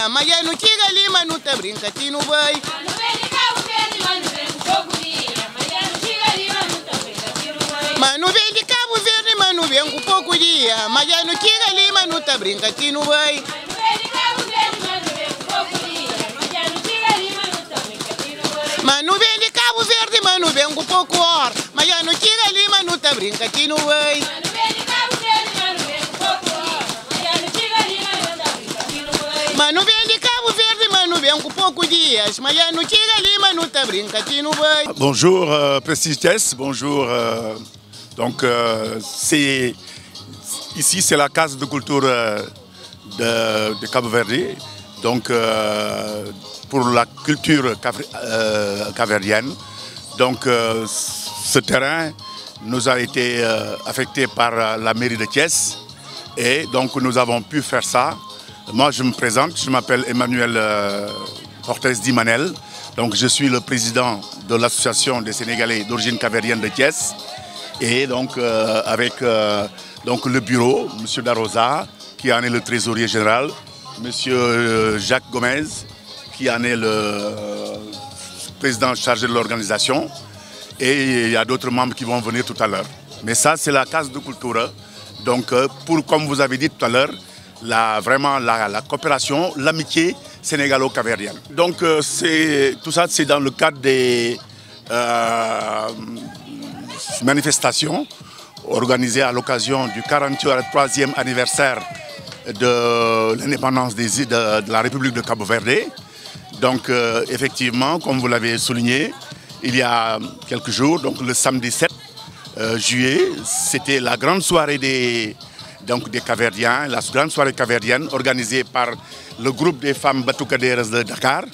Olha, Maria no Tiga Lima, não te brinca, ti não vai. Mano vem de Cabo Verde, mano vem com pouco dia. Maria no Tiga Lima, não te brinca, ti não vai. Mano vem de Cabo Verde, mano vem com pouco or. Maria no Tiga Lima, não te brinca, ti não vai. Bonjour euh, Prestige bonjour. Euh, donc euh, c'est ici c'est la case de culture de, de Donc pour la culture caverdienne. Donc ce terrain nous a été affecté par la mairie de Thiès et donc nous avons pu faire ça. Moi je me présente, je m'appelle Emmanuel Cortés Dimanel. Donc je suis le président de l'association des Sénégalais d'origine caverienne de Thiès. Et donc euh, avec euh, donc le bureau, M. Darosa, qui en est le trésorier général, M. Euh, Jacques Gomez, qui en est le président chargé de l'organisation. Et il y a d'autres membres qui vont venir tout à l'heure. Mais ça, c'est la case de culture. Donc, pour, comme vous avez dit tout à l'heure, la, vraiment la coopération, l'amitié, sénégalo-caverdienne. Donc euh, tout ça, c'est dans le cadre des euh, manifestations organisées à l'occasion du 43e anniversaire de l'indépendance de, de, la République de Cabo-Verde. Donc euh, effectivement, comme vous l'avez souligné, il y a quelques jours, donc le samedi 7 juillet, c'était la grande soirée des donc des Caverdiens, la grande soirée caverdienne organisée par le groupe des femmes Batucaderes de Dakar.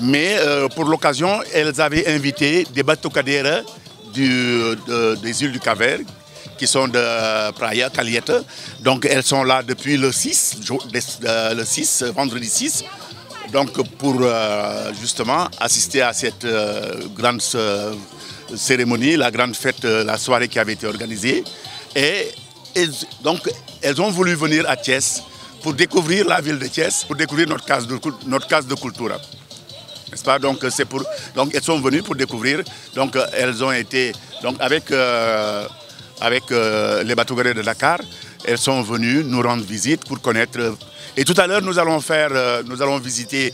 Mais euh, pour l'occasion, elles avaient invité des Batucaderes des îles du Caver, qui sont de Praia, Caliette. Donc elles sont là depuis le 6, euh, le 6 vendredi 6 donc pour euh, justement assister à cette grande cérémonie, la grande fête, la soirée qui avait été organisée. Et donc, elles ont voulu venir à Thiès pour découvrir la ville de Thiès, pour découvrir notre case de, notre case de culture. N'est-ce pas donc, euh, pour, donc, elles sont venues pour découvrir. Donc, euh, elles ont été, donc, avec, euh, avec les bateaux de Dakar, elles sont venues nous rendre visite pour connaître. Et tout à l'heure, nous allons faire, nous allons visiter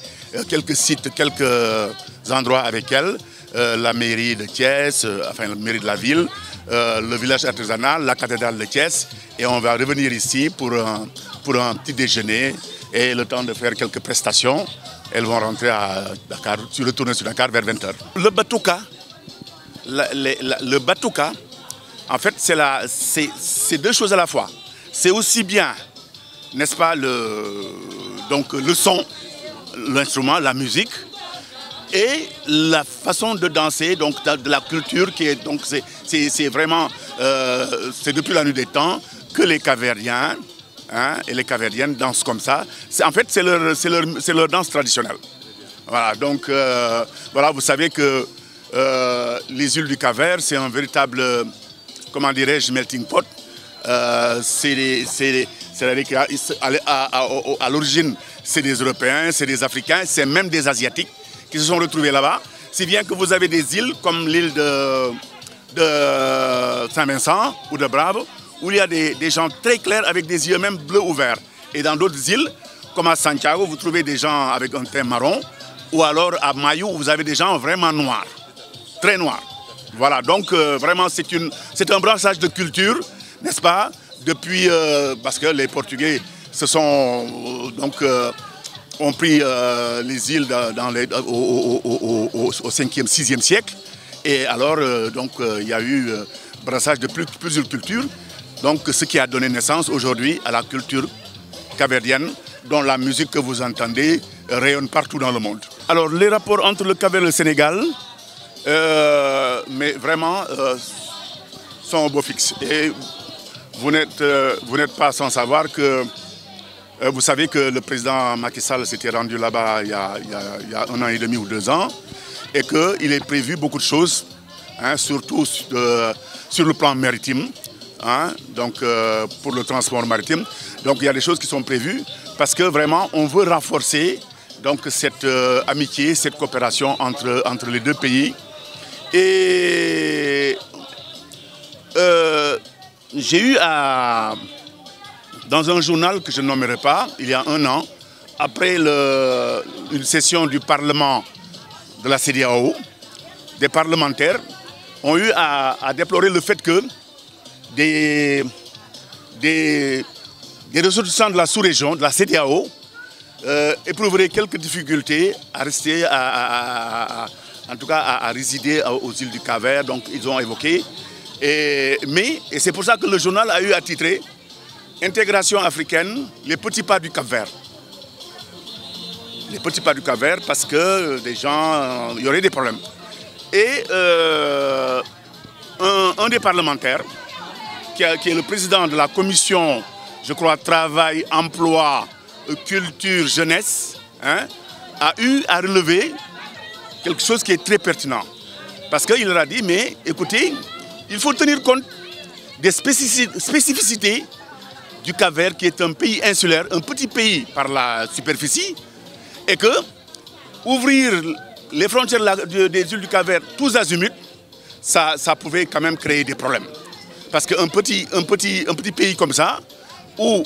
quelques sites, quelques endroits avec elles. la mairie de Thiès, enfin la mairie de la ville, euh, le village artisanal, la cathédrale de Thiès. Et on va revenir ici pour un, pour un petit déjeuner et le temps de faire quelques prestations. Elles vont rentrer à Dakar, retourner sur Dakar vers 20h. Le Batouka, le Batouka, en fait, c'est deux choses à la fois. C'est aussi bien, n'est-ce pas, le, donc, le son, l'instrument, la musique, et la façon de danser, donc de la culture qui est donc c'est vraiment euh, c'est depuis la nuit des temps que les caverdiens hein, et les caverdiennes dansent comme ça. En fait, c'est leur, leur, danse traditionnelle. Voilà, donc euh, voilà, vous savez que euh, les îles du Caver, c'est un véritable, comment dirais-je, melting pot. c'est à dire qu'à à l'origine, c'est des Européens, c'est des Africains, c'est même des Asiatiques qui se sont retrouvés là-bas. Si bien que vous avez des îles comme l'île de, Saint-Vincent ou de Bravo, où il y a des, gens très clairs avec des yeux même bleus ouverts. Et dans d'autres îles, comme à Santiago, vous trouvez des gens avec un teint marron, ou alors à Mayou, vous avez des gens vraiment noirs, très noirs. Voilà, donc euh, vraiment c'est un brassage de culture, n'est-ce pas Depuis, euh, parce que les Portugais se sont euh, donc ont pris euh, les îles dans les, au, 5e, 6e siècle. Et alors, euh, donc, euh, il y a eu brassage de plusieurs cultures, donc, ce qui a donné naissance aujourd'hui à la culture caverdienne, dont la musique que vous entendez rayonne partout dans le monde. Alors, les rapports entre le Caver et le Sénégal, mais vraiment, sont au beau fixe. Et vous n'êtes pas sans savoir que euh, vous savez que le président Macky Sall s'était rendu là-bas il, y a un an et demi ou deux ans et qu'il est prévu beaucoup de choses, hein, surtout euh, sur le plan maritime, hein, donc euh, pour le transport maritime. Donc il y a des choses qui sont prévues parce que vraiment on veut renforcer donc, cette amitié, cette coopération entre, entre les deux pays. Et j'ai eu à dans un journal que je nommerai pas, il y a un an, après une session du Parlement de la CDAO, des parlementaires ont eu à, déplorer le fait que des, des, des ressortissants de la sous-région, de la CDAO, euh, éprouveraient quelques difficultés à rester, à, en tout cas à, résider aux îles du Caver, donc ils ont évoqué. mais, et c'est pour ça que le journal a eu à titrer Intégration africaine, les petits pas du Cap Vert. Les petits pas du Cap Vert parce que des gens, euh, il y aurait des problèmes. Et euh, un, des parlementaires, qui, est le président de la commission, je crois, travail, emploi, culture, jeunesse, hein, a eu à relever quelque chose qui est très pertinent. Parce qu'il leur a dit, mais écoutez, il faut tenir compte des spécificités du cap qui est un pays insulaire, un petit pays par la superficie, et que ouvrir les frontières des îles du Cavert tous azimuts, ça, ça pouvait quand même créer des problèmes. Parce qu'un petit, un petit, un petit pays comme ça, où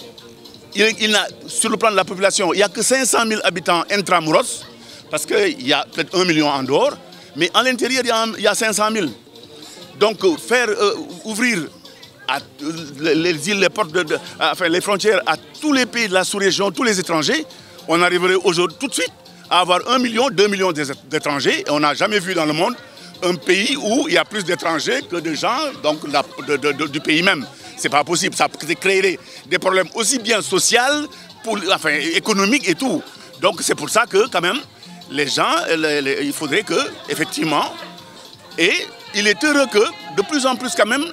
il, sur le plan de la population, il n'y a que 500 000 habitants intramuros, parce qu'il y a peut-être 1 million en dehors, mais à l'intérieur, il, y a 500 000. Donc, faire euh, ouvrir les îles, les portes, de, enfin les frontières à tous les pays de la sous-région, tous les étrangers, on arriverait aujourd'hui tout de suite à avoir 1 million, 2 millions d'étrangers. On n'a jamais vu dans le monde un pays où il y a plus d'étrangers que de gens donc, du pays même. Ce n'est pas possible. Ça créerait des problèmes aussi bien sociaux, pour, enfin, économiques et tout. Donc c'est pour ça que quand même, les gens, il faudrait que, effectivement, et il est heureux que de plus en plus quand même,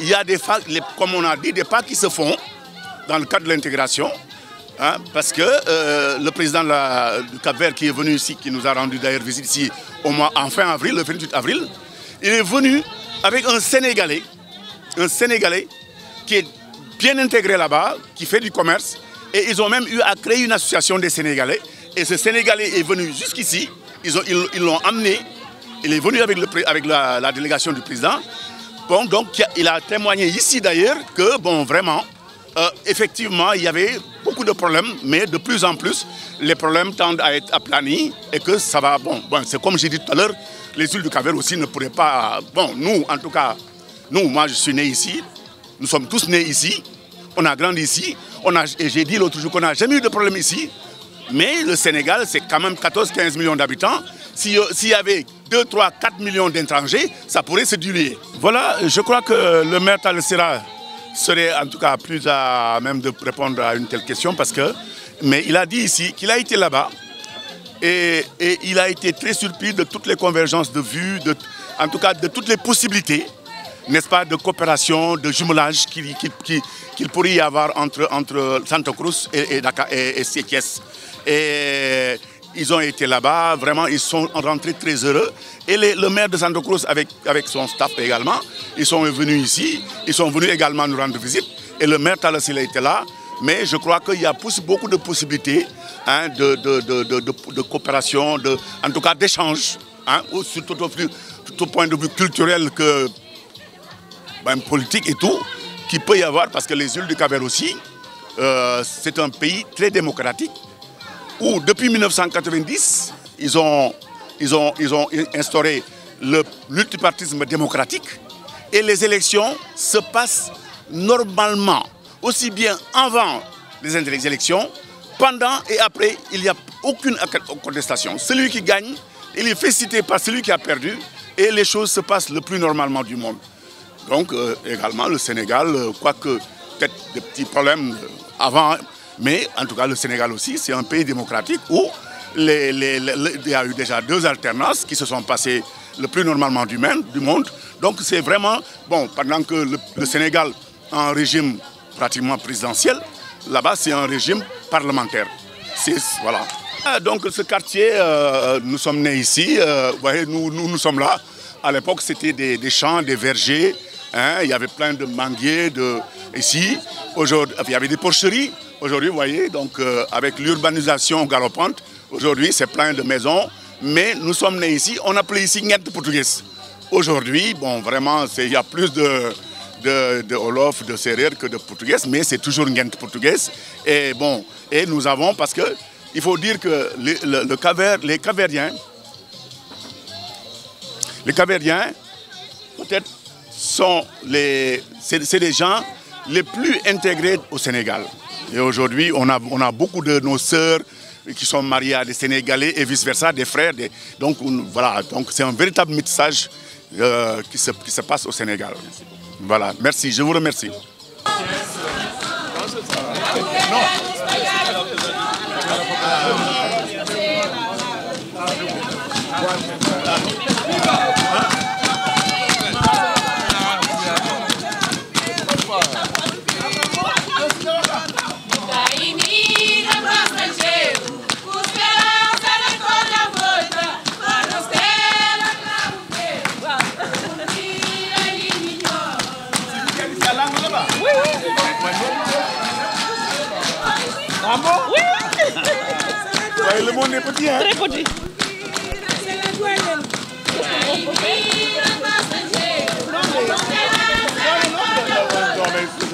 il y a des comme on a dit, des pas qui se font dans le cadre de l'intégration. Hein, parce que euh, le président du Cap-Vert qui est venu ici, qui nous a rendu d'ailleurs visite ici au mois en fin avril, le 28 avril, il est venu avec un Sénégalais, un Sénégalais qui est bien intégré là-bas, qui fait du commerce, et ils ont même eu à créer une association des Sénégalais. Et ce Sénégalais est venu jusqu'ici, ils l'ont ils, amené, il est venu avec, la délégation du président, Bon, donc il a témoigné ici d'ailleurs que, bon, vraiment, euh, effectivement, il y avait beaucoup de problèmes, mais de plus en plus, les problèmes tendent à être aplanis et que ça va, bon, bon c'est comme j'ai dit tout à l'heure, les îles du Caver aussi ne pourraient pas, bon, nous, en tout cas, nous, moi, je suis né ici, nous sommes tous nés ici, on a grandi ici, on a, et j'ai dit l'autre jour qu'on n'a jamais eu de problème ici, mais le Sénégal, c'est quand même 14-15 millions d'habitants. Euh, s'il y avait 2, 3, 4 millions d'étrangers, ça pourrait se diluer. Voilà, je crois que le maire Talessera serait en tout cas plus à même de répondre à une telle question parce que, mais il a dit ici qu'il a été là-bas et, il a été très surpris de toutes les convergences de vues, de, en tout cas de toutes les possibilités, n'est-ce pas, de coopération, de jumelage qu'il pourrait y avoir entre, entre Santa Cruz et, et, et, et ils ont été là-bas, vraiment, ils sont rentrés très heureux. Et le maire de Santa Cruz, avec, avec son staff également, ils sont venus ici, ils sont venus également nous rendre visite. Et le maire a était là. Mais je crois qu'il y a beaucoup de possibilités hein, de, coopération, en tout cas d'échange, hein, surtout au tout, point de vue culturel que ben, politique et tout, qui peut y avoir, parce que les îles du cap aussi, euh, c'est un pays très démocratique où depuis 1990, ils ont, ils ont, ils ont instauré le multipartisme démocratique et les élections se passent normalement, aussi bien avant les élections, pendant et après, il n'y a aucune contestation. Celui qui gagne, il est félicité par celui qui a perdu et les choses se passent le plus normalement du monde. Donc euh, également le Sénégal, euh, quoique peut-être des petits problèmes euh, avant mais en tout cas, le Sénégal aussi, c'est un pays démocratique où les, il y a eu déjà deux alternances qui se sont passées le plus normalement du, même, du monde. Donc c'est vraiment, bon, pendant que le, Sénégal a un régime pratiquement présidentiel, là-bas c'est un régime parlementaire. Voilà. Ah, donc ce quartier, euh, nous sommes nés ici, euh, vous voyez, nous, nous, sommes là. À l'époque, c'était des, champs, des vergers, hein. il y avait plein de manguiers de, ici. Aujourd'hui, il y avait des porcheries. Aujourd'hui, vous voyez, donc, euh, avec l'urbanisation galopante, aujourd'hui, c'est plein de maisons, mais nous sommes nés ici, on appelait ici Ngente portugaise. Aujourd'hui, bon, vraiment, il y a plus de, de, de Olof, de Serrer que de portugais, mais c'est toujours Nguette portugaise. Et bon, et nous avons, parce que il faut dire que le, les Caveriens, les Caverdiens, peut-être, sont les, c'est, les gens les plus intégrés au Sénégal. Et aujourd'hui, on a, on a beaucoup de nos sœurs qui sont mariées à des Sénégalais et vice-versa, des frères. Donc voilà, donc c'est un véritable métissage euh, qui, se, se passe au Sénégal. Voilà, merci, je vous remercie.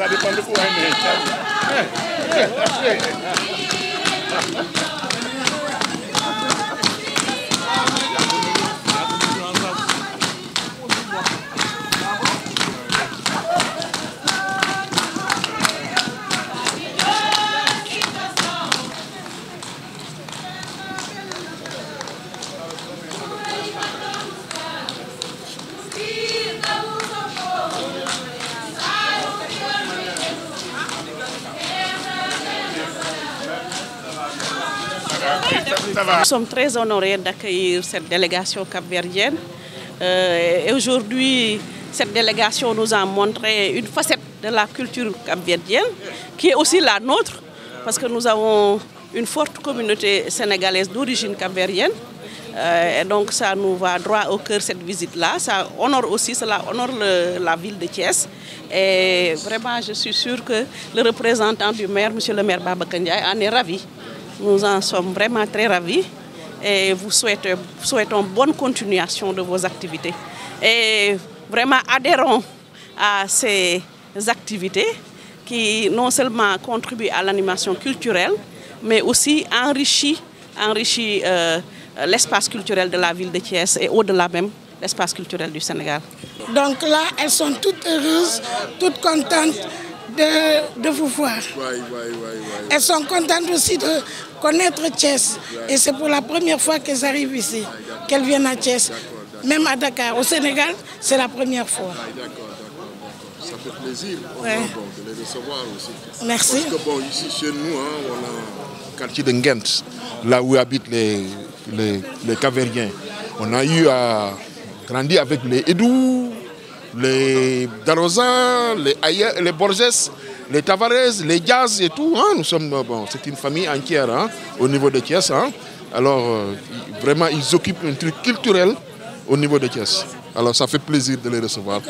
ça dépend Nous sommes très honorés d'accueillir cette délégation capverdienne. Euh, et aujourd'hui, cette délégation nous a montré une facette de la culture capverdienne, qui est aussi la nôtre, parce que nous avons une forte communauté sénégalaise d'origine capverdienne. Euh, et donc ça nous va droit au cœur cette visite-là. Ça honore aussi, cela honore la ville de Thiès. Et vraiment, je suis sûre que le représentant du maire, M. le maire Baba en est ravi. Nous en sommes vraiment très ravis et vous souhaitons, souhaitons bonne continuation de vos activités. Et vraiment adhérons à ces activités qui non seulement contribuent à l'animation culturelle, mais aussi enrichissent euh, l'espace culturel de la ville de Thiès et au-delà même l'espace culturel du Sénégal. Donc là, elles sont toutes heureuses, toutes contentes de, vous voir. Elles sont contentes aussi de connaître Thiès. Et c'est pour la première fois qu'elles arrivent ici, qu'elles viennent à Thiès. Même à Dakar, au Sénégal, c'est la première fois. D'accord, d'accord. Ça fait plaisir de les recevoir aussi. Merci. Parce que bon, ici chez nous, on a le quartier de Nguent, là où habitent les, les, les Caveriens. On a eu à grandir avec les Edou, les Darosa, les, les Borges, les Tavares, les Diaz et tout. Hein. nous sommes, bon, c'est une famille entière hein, au niveau de Thiès. Hein. Alors, euh, vraiment, ils occupent un truc culturel au niveau de Thiès. Alors, ça fait plaisir de les recevoir.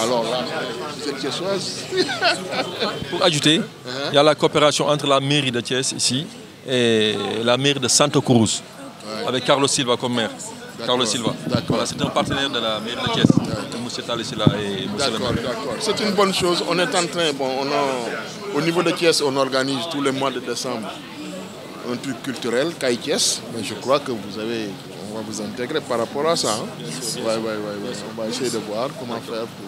Alors là, vous Pour ajouter, il y a la coopération entre la mairie de Thiès ici et la mairie de Santo Cruz, avec Carlos Silva comme maire. Carlos Silva. Voilà, c'est un partenaire de la mairie de Thiès, M. et C'est une bonne chose. On est en train, bon, au niveau de Thiès, on organise tous les mois de décembre un truc culturel, Kies. Mais je crois que vous avez, on va vous intégrer par rapport à ça. Hein. on va essayer de voir comment faire pour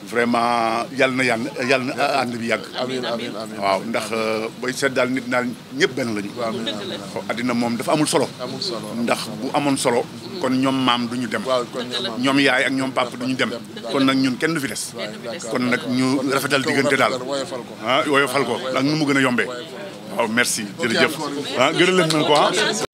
vraiment yàlla na yàlla yàlla na ànd bi yàgg. amiin amiin waaw ndax euh, booy seet daal nit naa ñëpp benn lañu. amiin amiin àddina moom dafa amul solo. amul solo ndax bu amoon solo. kon ñoom maam du ñu dem. ñoom yaay ak ñoom papa du ñu dem. kon nag ñun kenn du fi des. kon nag ñu rafetal diggante daal. ah woyofal ko ndax nu mu gën a yombee. waaw merci jërëjëf ah gërëm leen ko ah.